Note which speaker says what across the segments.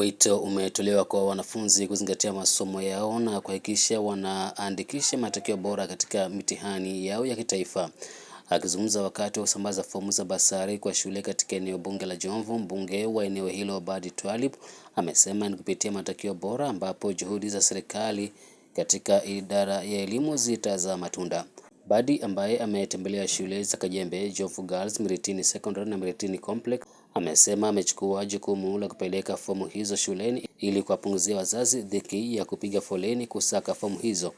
Speaker 1: Wito umetolewa kwa wanafunzi kuzingatia masomo yao na kuhakikisha wanaandikisha matokeo bora katika mitihani yao ya kitaifa. Akizungumza wakati wa kusambaza fomu za basari kwa shule katika eneo bunge la Jomvu, mbunge wa eneo hilo badi Twalib amesema ni kupitia matokeo bora ambapo juhudi za serikali katika idara ya elimu zitazaa matunda. badi ambaye ametembelea shule za Kajembe, Jomvu Girls, Miritini Secondary na Miritini Complex amesema amechukua jukumu la kupeleka fomu hizo shuleni ili kuwapunguzia wazazi dhiki ya kupiga foleni kusaka fomu hizo.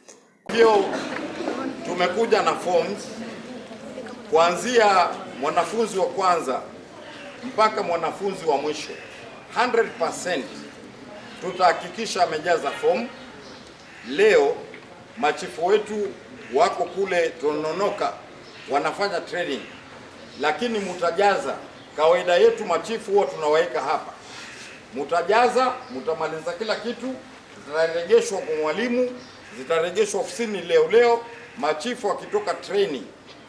Speaker 2: Hiyo tumekuja na forms kuanzia mwanafunzi wa kwanza mpaka mwanafunzi wa mwisho 100% tutahakikisha amejaza fomu. Leo machifu wetu wako kule Tononoka wanafanya training, lakini mutajaza Kawaida yetu machifu huwa tunawaweka hapa, mutajaza, mutamaliza kila kitu, zitarejeshwa kwa mwalimu, zitarejeshwa ofisini leo leo. Machifu wakitoka treni,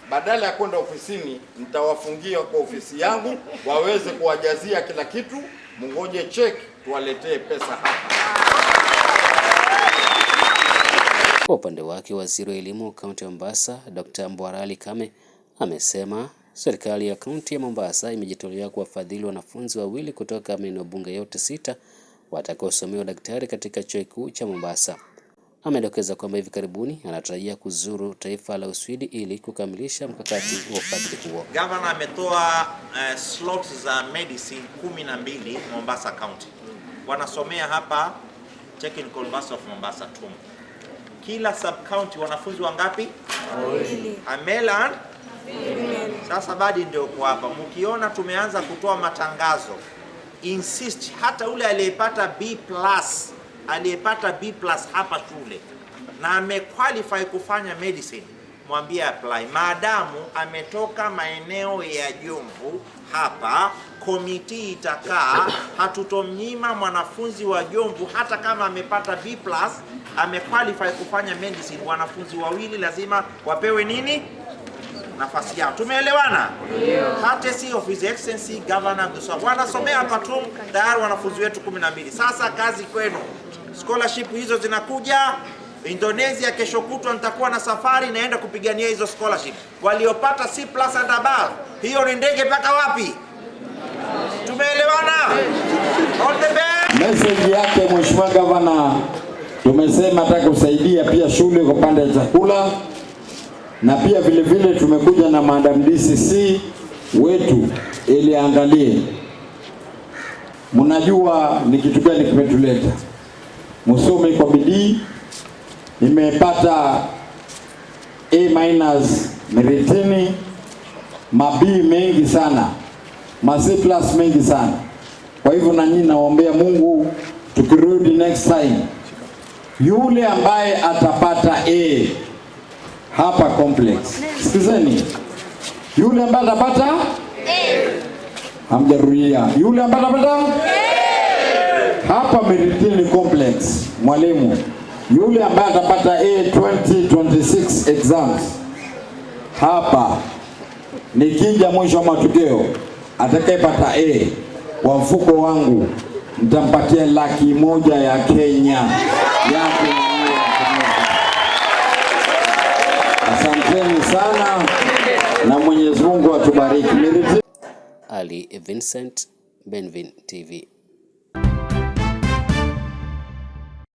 Speaker 2: badala ya kwenda ofisini, nitawafungia kwa ofisi yangu waweze kuwajazia kila kitu. Mngoje check, tuwaletee pesa hapa.
Speaker 1: Kwa upande wake, waziri wa elimu kaunti ya Mombasa Dr. Mbwarali Kame amesema Serikali ya kaunti ya Mombasa imejitolea kuwafadhili wanafunzi wawili kutoka maeneo bunge yote sita watakaosomewa daktari katika chuo kikuu cha Mombasa. Amedokeza kwamba hivi karibuni anatarajia kuzuru taifa la Uswidi ili kukamilisha mkakati wa ufadhili huo.
Speaker 2: Governor ametoa uh, slots za medicine kumi na mbili Mombasa County, wanasomea hapa Technical University of Mombasa TUM. Kila sub county wanafunzi wangapi? Amelan sasa badi ndio uko hapa, mkiona tumeanza kutoa matangazo, insist hata ule aliyepata B plus, aliyepata B plus hapa shule na amequalify kufanya medicine, mwambie apply, maadamu ametoka maeneo ya Jomvu hapa komiti itakaa, hatutomnyima mwanafunzi wa Jomvu hata kama amepata B plus, amequalify kufanya medicine. Wanafunzi wawili lazima wapewe nini? nafasi yao. Tumeelewana? Hata si Office Excellency Governor wanasomea hapa tu tayari wanafunzi wetu 12. Sasa kazi kwenu, scholarship hizo zinakuja Indonesia. Kesho kutwa nitakuwa na safari, naenda kupigania hizo scholarship. Waliopata C plus and above, hiyo ni ndege mpaka wapi? Tumeelewana? All the best.
Speaker 3: Message yake Mheshimiwa Gavana, tumesema kusaidia pia shule kwa pande ya chakula na pia vile vile tumekuja na Madam DCC wetu ili angalie, mnajua ni kitu gani kimetuleta, msome kwa bidii. Nimepata A minus meritini, mabii mengi sana, ma C plus mengi sana. Kwa hivyo na nyinyi nawaombea Mungu, tukirudi next time yule ambaye atapata A hapa complex. Sikizeni, yule ambaye atapata amjaruia yule ambaye atapata hapa Miritini complex, mwalimu yule ambaye atapata A 2026 exams hapa, nikija mwisho wa matokeo, atakayepata A wa mfuko wangu nitampatia laki moja ya Kenya yake. asanteni sana na Mwenyezi Mungu atubariki. Ali Vincent, Benvin TV.